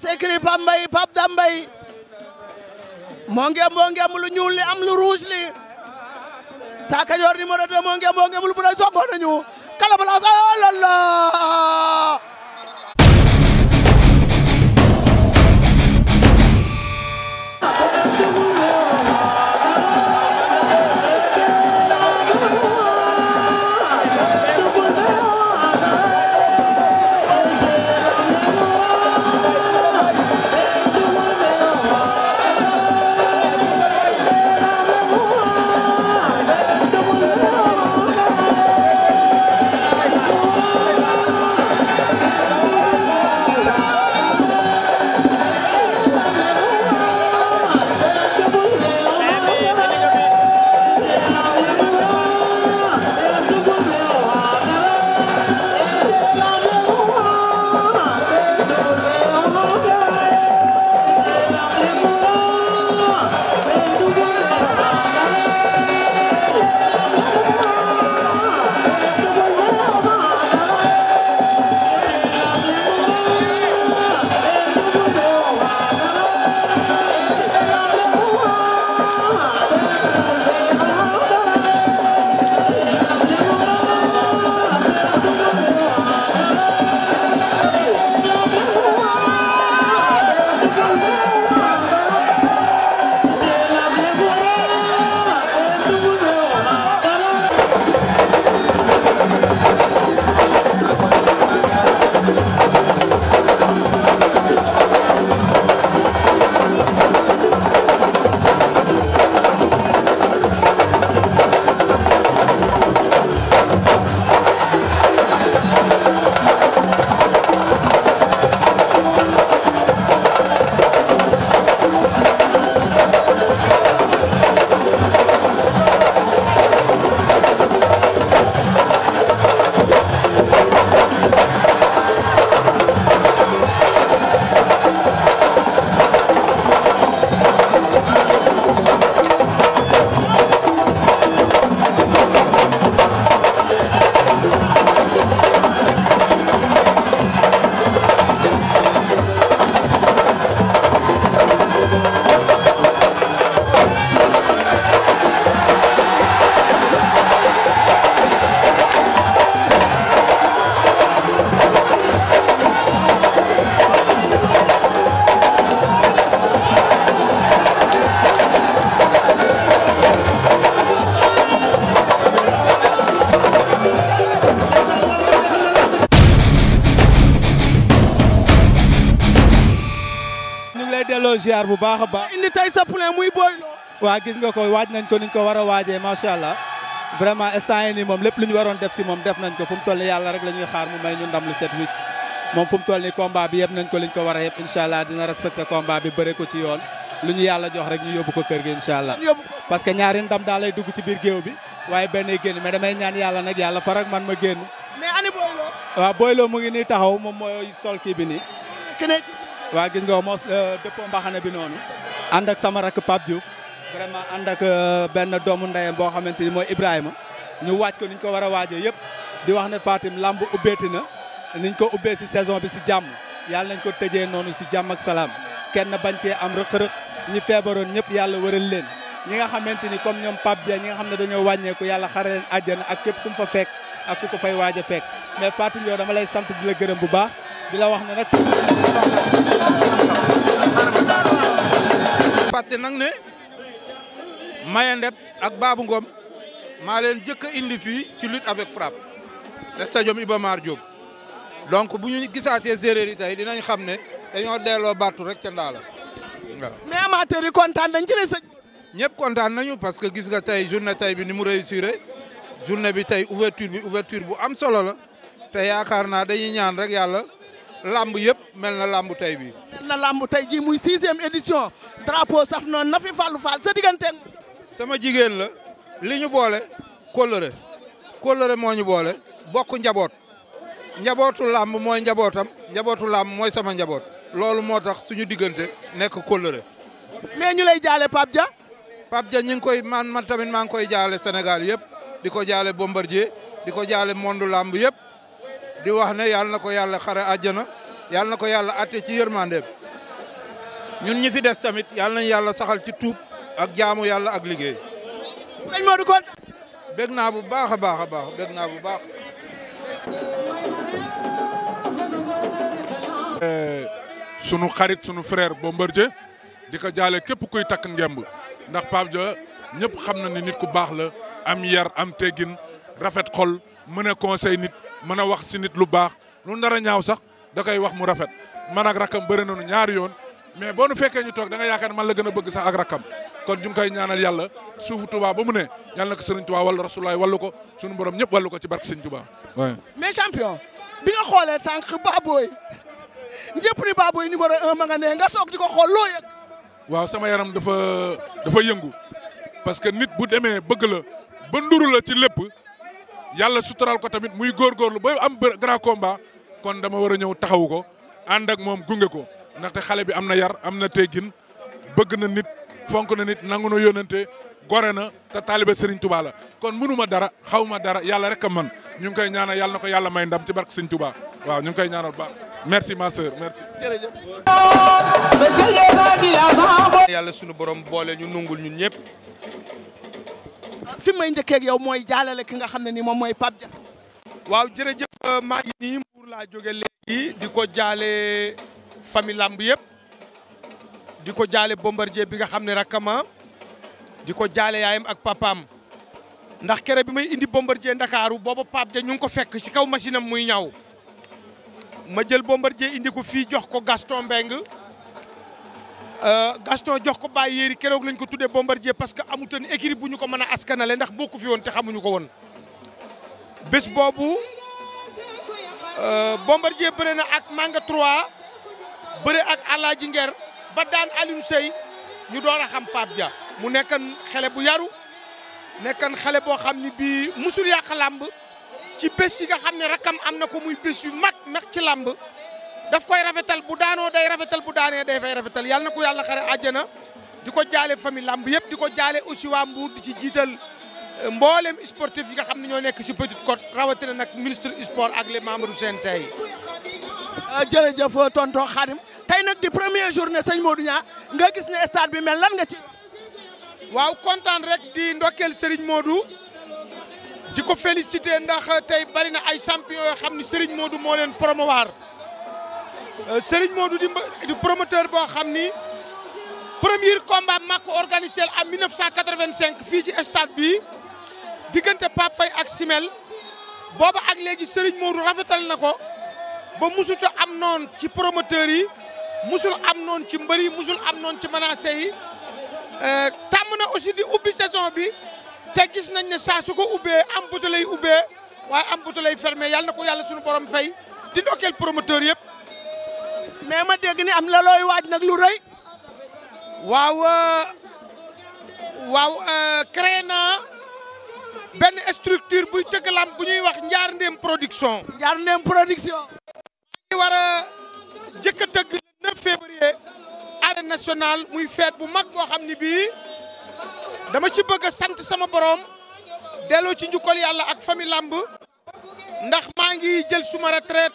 face écrit Pape Mbaye Pape Dame ñuul li am lu rouge li Sa Cadior numéro 2 moo ngeem moo ngeem lu bu na kala bala sa la delloo ziar bu baax a baax. indi tey sa poulain muy Boy waa gis nga ko waaj nañ ko niñ ko war a waajee macha allah vraiment instant moom lépp lu ñu waroon def ci moom def nañ ko fu mu toll nii yàlla rek la ñuy xaar mu may ñu ndam lu set wicc moom fu mu toll nii combat nañ ko liñ ko war a yëpp incha allah dina respecté combat bi bëre ko ci yoon lu yàlla jox rek ñu yóbbu ko kër gi incha allah. parce que ñaari ndam daa lay dugg ci biir géew bi waaye benn génn mais damay ñaan yàlla nag yàlla farak man ma génn. mais ani Boy Lo. waaw Boy bi nii. waa gis nga mos euh, dëppoo mbaxana bi noonu ànd ak sama rakk Pape Diouf vraiment ànd ak euh, benn doomu ndeyam boo xamante ni mooy Ibrahima ñu waaj ko niñ ko war a waajee yëpp di wax ne Fatim làmb ubbeeti na niñ ko ubbee si saison bi si jàmm yàlla nañ ko tëjee noonu si jàmm ak salaam kenn bañ cee am rëq-rëq ñi feebaroon ñëpp yàlla wëral leen ñi nga xamante ni comme ñoom Pape Dia ñi nga xam ne dañoo wàññeeku yàlla xare leen àjjana ak képp ku mu fa fekk ak ku ko fay waaj a mais Fatim yow dama lay sant di la gërëm bu baax di la wax ne fàtte nag ne Maya Ndeb ak baabu Ngom maa leen jëkk indi fi ci lutte avec frappe stadium Iba Mar Diop donc bu ñu gisaatee séeréer yi tey dinañ xam ne dañoo delloo battu rek ca ndaala waaw. kontaan ñëpp kontaan nañu parce que gis nga tey journée tey bi ni mu réussir journée bi tey ouverture bi ouverture bu am solo la te yaakaar naa dañu ñaan rek yàlla. lamb yëpp mel na lamb tey bi na lamb tey ji muy sixième édition drapeau saf noonu na fi Fallou Fall sa sama jigéen la li ñu boole kóllëre kóllëre moo ñu boole bokk njaboot njabootu lamb mooy njabootam njabootu lamb mooy sama njaboot loolu moo tax suñu diggante nekk kóllëre mais ñu lay jaale Pape Dia Pape ja ñu ngi koy man man tamit maa ngi koy jaale Sénégal yëpp di ko jaale Bombardier di ko jaale monde lamb yëpp di wax ne yàlla na ko yàlla xare àjjana yàlla na ko yàlla atte ci yërmandeem ñun ñi fi des tamit yàlla nañu yàlla saxal ci tuub ak jaamu yàlla ak liggéey. sëñ Modou kon. bég bu baax a baax a baax bég naa bu baax. Eh, sunu xarit sunu frère Bombardier di ko jaale képp kuy takk ngemb ndax Pape Dia ñëpp xam na ni nit ku baax la am yar am teggin. rafet xol mana conseil nit mën wax ci nit lu baax lu ndara ñaaw sax da kay wax mu rafet man ak rakam bëri nañu ñaar yoon mais bo nu fekke ñu tok da nga yaakaar man la gëna tuba bëgg sax ak rakam kon ñu ngi koy ñaanal yalla suufu tuba ba mu ne yalla Serigne tuba wala rasulullah wala ko suñu borom wala ko ci barke Serigne tuba mais champion bi nga xoolee sànq Baboy ñëpp ni Baboy numéro 1 ma nga ne nga sok di xol lo yak waaw sama yaram dafa dafa yëngu parce que nit bu démé bëgg la ba nduru la ci lepp yàlla sutural ko tamit muy góorgóorlu ba am grand combat kon dama war a ñëw taxawu ko ànd ak moom gunge ko ndaxte xale bi am na yar am na teggin bëgg na nit fonk na nit nangu na yónnante gore na te taaliba Serigne Touba la kon mënu dara xaw dara yàlla rek a man ñu ngi koy ñaana yàlla na ko yàlla may ndam ci bark Serigne Touba waaw ñu ngi koy ñaanal baax merci ma sœur merci. jërëjëf. yàlla sunu borom boole ñu nungul ñun ñëpp. fi may njëkkeeg yow mooy jaalale ki nga xam ne ni moom mooy Pape Dia waaw jërëjëf euh, maa ngi nii Mbour laa jóge léegi di ko jaale famille làmb yëpp di ko jaale Bombardier bi nga xam ne rakkama di ko jaale yaayam ak papaam ndax kere bi may indi Bombardier Ndakaaru booba Pape Dia ñu ngi ko fekk ci kaw machine am muy ñaw ma jël Bombardier indi ko fii jox ko Gaston Mbengue Euh, Gaston jox ko Baye Yéri keroog lañ ko tuddee Bombardier parce que amutoon écurie bu ñu ko mën a askanale ndax bokku fi woon te xamuñu ko woon bés boobu euh, Bombardier bëre na ak Manga 3 bëre ak Alaaji Nger ba daan Alioune Seye ñu door a xam Pape Dia mu nekkan xale bu yaru nekkan xale boo xam ni bii musul yàq làmb ci bés yi nga xam ne rakam am na ko muy bés yu mag mag ci làmb daf koy rafetal bu daanoo day rafetal bu daanee day fay rafetal yàlla na ko yàlla xare àjjana di ko jaale famille làmb yëpp di ko jaale aussi waa Mbour di ci jiital euh, mboolem sportif yi nga xam ne ñoo nekk ci Petite Côte rawatina nag ministre sport ak les membres du CNC yi. Euh, jërëjëf tonto Khadim tey nag di première journée sëñ Modou Niang nga gis ne stade bi mel lan nga ci. waaw kontaan rek di ndokkeel Serigne Modou di ko féliciter ndax tey bari na ay champion yoo xam ne Serigne Modou moo leen promouvoir. Euh, Serigne Modou di promoteur boo xamni premier combat ma organisé en 1985 fi ci stade bi digënté Pape Faye ak Simel bobu ak légui Serigne Modou rafetal nako ko ba musutu am non ci promoteur yi musul am non ci mbër musul am non ci menacé yi euh tamna aussi di ubi saison bi té gis nañ né sa su ko ubbee am butu lay ubbee am butu fermé yalla nako yalla suñu borom fay di ndokkeel promoteur yépp mais ma dégg ni am la looy waaj nag lu rëy. waaw euh, waaw euh, créé naa benn structure buy tëgg lamb bu ñuy wax Ndiar Ndem production. Ndiar production. ñu war a jëkk a muy feet bu mag koo xam ni bii dama ci bëgg a sant sama borom delloo ci njukkal yàlla ak famille lamb ndax maa ngi jël suma retraite.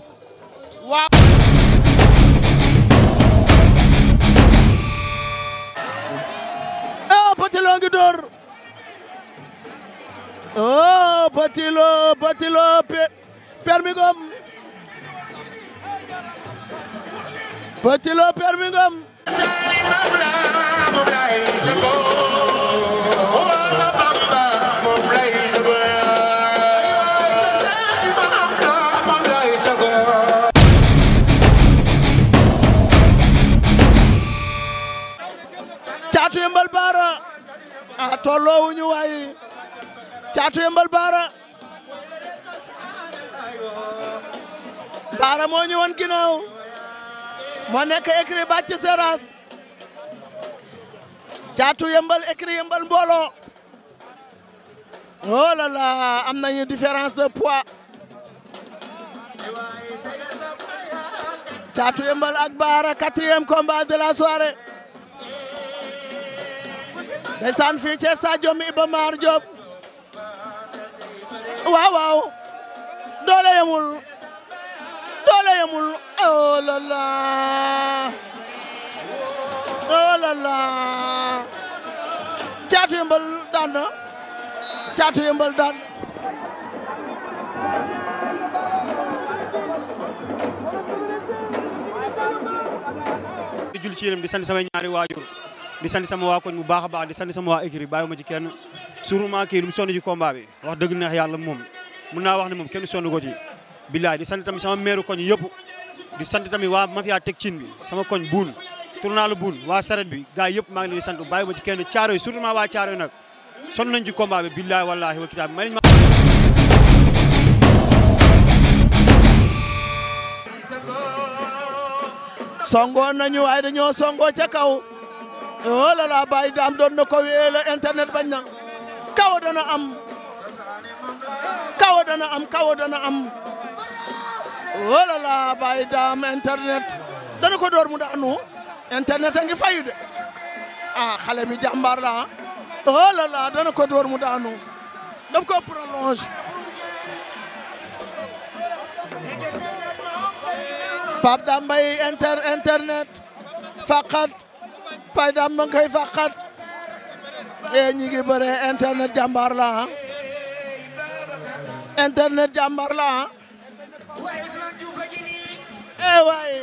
oh ngi door oh Petit Lo Petit Lo Père Mingom Petit Lo Père farloowuñu waaye caatu yëmbal baara moo ñu woon ginnaaw moo nekk écrit bàcc seras caatu yëmbal écrit yëmbal mbooloo oh là am nañu différence de poids caatu yëmbal ak baara quatrième combat de la ndeysaan fii ci stadium Iba Mar Diop waaw waaw doole yemul doole yemul oh la la oh caatu yëmbal daan caatu yëmbal daan di jul ci di sant samay ñaari waajur di sant sama waa koñ bu baax a baax di sant sama waa écrit bàyyiwuma ci kenn surtout kii lu mu sonn ci combat bi wax dëgg neex yàlla moom mun naa wax ne moom kenn sonn ko ci billaay di sant tamit sama meeru koñ yëpp di sant tamit waa mafia teg cin bi sama koñ buun tournalu buun waa saret bi gars yëpp maa ngi leen di sant bàyyiwuma ci kenn caaro yi surtout waa caaro nag sonn nañ ci combat bi billaay wallaahi wa kitaab songoon nañu waaye dañoo oh là là doon na ko wéele internet bañ na kaw dana am kaw dana am kaw dana am oh là là Baye internet dana ko door mu daanu internet a ngi fayu de ah xale bi jàmbaar la oh dana ko dóor mu daanu daf ko prolonge Pape Dame inter internet faqat pay dam ma ngi koy fàqat e ñi ngi bëre internet jàmbaar la ah internet jàmbaar la ah e waay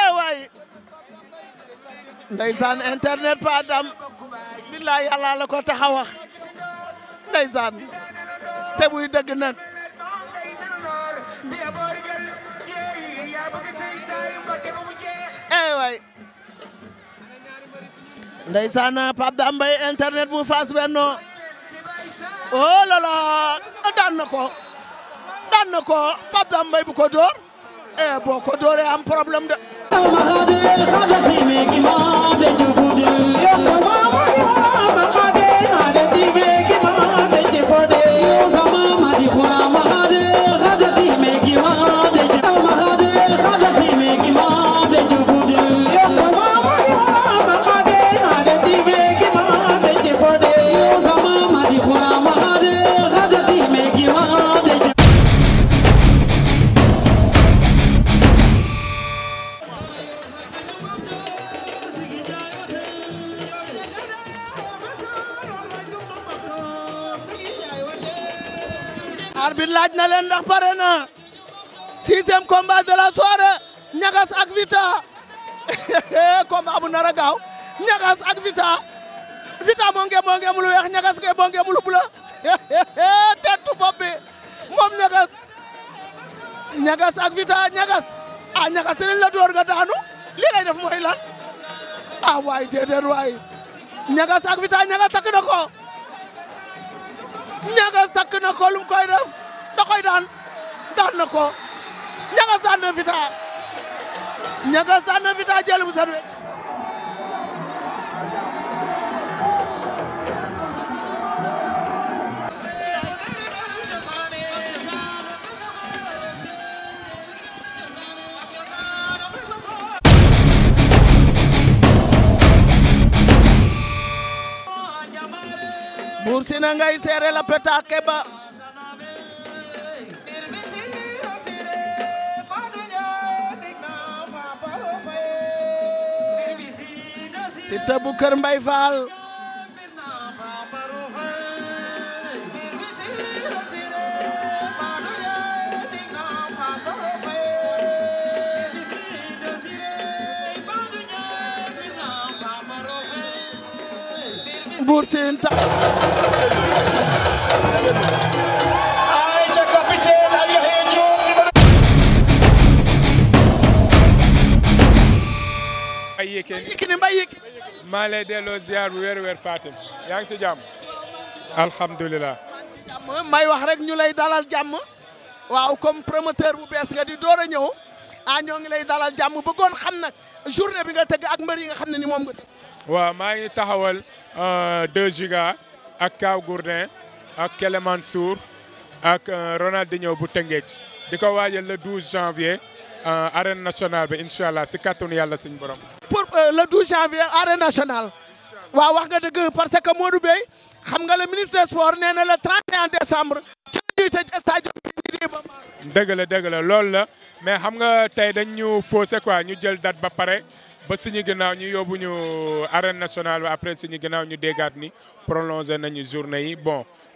e waay ndeysaan internet pa billaay yàlla la ko taxa wax ndeysaan te muy dëgg nag ndeysaan Pape Dambay internet bu Fass Benno oh là daan na ko daan na ko Pape Dambay bu ko dóor eh boo ko dóoree am problème de. deuxième combat de la soirée ñagas ak vita combat bu nara gaw gaaw ñagas ak vita vita mo nge nge mu lu weex ñagas mo nge mu lu bula tetu bopp mom moom ñagas ñagas ak vita ñagas a ah, ñagas dañ la door nga daanu li ngay def moy lan ah way déedéet way ñagas ak vita ñagas tak nako ñagas takk lu koy def da koy daan daan na ñagas daan na Vita ñagas daan na Vita jël ngay seere la Siteu bu Kër Mbay Faal Buur Siin ta ay capitaine maa ngi lay ziar Fatim yang ngi si jam alhamdulilah. may wax rek ñu lay dalal jam waaw comme promoteur bu nga di ñew a ah, ñoo ngi lay dalal jàmm bëggoon xam nak journée bi nga tegg ak mbër yi nga xam ni mom nga tëgg. waaw ngi euh, ak Gourdin ak ak euh, Ronaldinho bu le 12 janvier. Euh, arène nationale bi incha allah si kàttanu yàlla suñu borom. pour euh, le janvier arène nationale. waaw wax nga dëgg parce que Modou Bey xam nga le ministre des sports nee na le 31 décembre. ci ñuy tëj stade bi la dëgg la loolu mais xam nga tey dañ ñu faussé quoi ñu jël date ba pare ba suñu ginnaaw ñu yóbbu ñu arène nationale ba après suñu ginnaaw ñu déggaat ni prolongé nañu journée yi bon.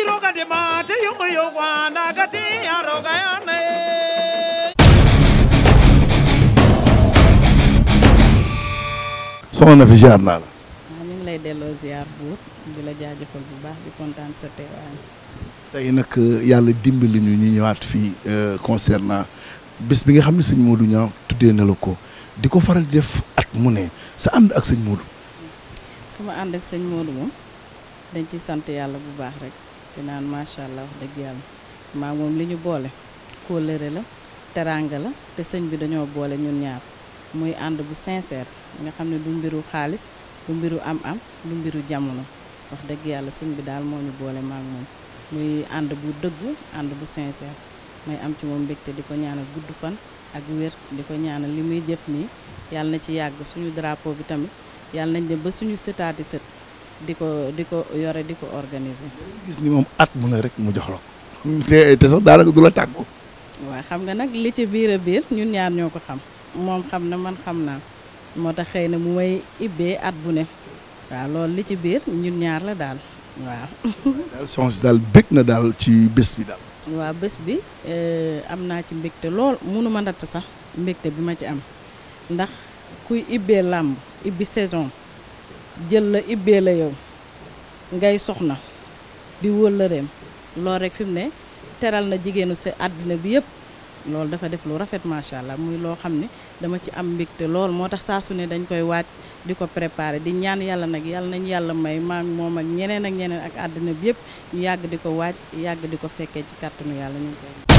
iroga de ma te yongo na fi ziar naa la ñu ngi lay delloo ziar buur di la jaajëfal bu baax di kontaan sa teewaay tey nag euh, yàlla dimbali ñu ñu ñëwaat fii euh, concernant bis bi nga xam ne sëñ Modou ñaaw tuddee na ko di ko faral di def at mu ne sa ànd ak sëñ Modou sama ànd ak sëñ Modou moom dañ ciy sant yàlla bu baax rek di naan macha allah wax dëgg yàlla maa moom li ñu boole kóllëre la teraanga la te sëñ bi dañoo boole ñun ñaar muy ànd bu sincère nga xam ne du mbiru xaalis du mbiru am-am du mbiru jamono wax dëgg yàlla sëñ bi daal moo ñu boole maag moom muy ànd bu dëggu ànd bu sincère may am ci moom mbégte di ko ñaanal gudd fan ak wér di ko ñaanal li muy jëf nii yàlla na ci yàgg suñu drapeau bi tamit yàlla nañ dem ba suñu sëtaati sët di ko di ko yore di ko organiser. gis ni moom at mu ne rek mu jox la ko. te te sax daanaka du la tàggu. waaw xam nga nag li ci biir a biir ñun ñaar ñoo ko xam. moom xam na man xam naa moo tax xëy na mu may ibbee at bu ne. waaw loolu li ci biir ñun ñaar la daal waaw. daal soxna daal bég na daal ci bés bi daal. waaw bés bi euh, am naa ci mbégte lool munu ma ndatt sax mbégte bi ma ci am ndax kuy ibbee làmb ibbi saison. jël la ibbee la yow ngay soxna di wëllëreem loolu rek fi mu ne teral na jigéenu si àddina bi yëpp loolu dafa def lu rafet macha allah muy loo xam ne dama ci am mbégte lool moo tax saa su ne dañ koy waaj di ko préparer di ñaan yàlla nag yàlla nañu yàlla may maa moom ak ñeneen ak ñeneen ak àddina bi yëpp ñu yàgg di ko waaj yàgg di ko fekkee ci kàttanu yàlla ñu ngi koy.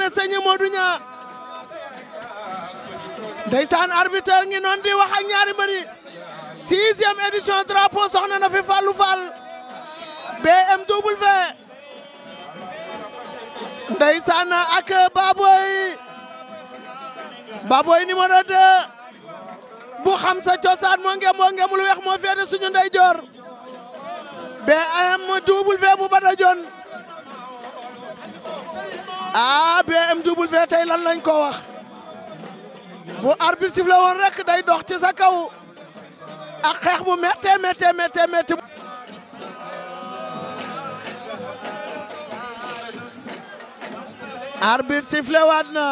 ne sëñ Modou Niang ndeysaan ngi noon di wax ak ñaari mbëri sixième édition drapeau soxna na fi Fallou Fall BMW ndeysaan ak Baboy Baboy numéro 2 bu xam sa cosaan moo ngem moo ngem lu weex moo féete suñu ndeyjoor bu Badajon ah BMW tey lan lañ ko wax bu arbitre sifflé woon rek day dox ci sa kaw a xeex bu méttee méttee méttee métti arbitre sifflé waat na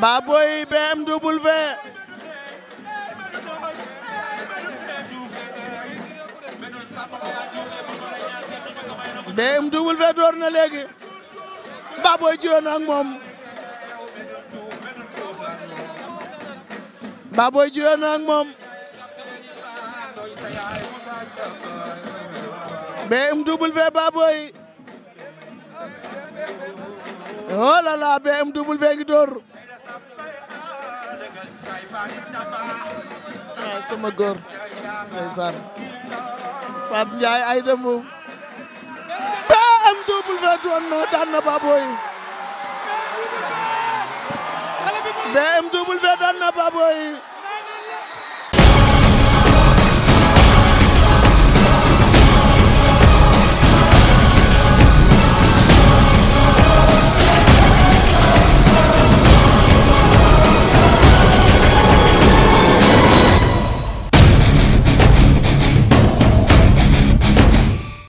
Baboy BMW BMW door na léegi Baboy juyoon ak moom Baboy juyoon ak moom BMW Baboy oh là là BMW ngi dóor waaw sama góor ndeysaan Pape MW daan na Baboy BMW daan na Baboy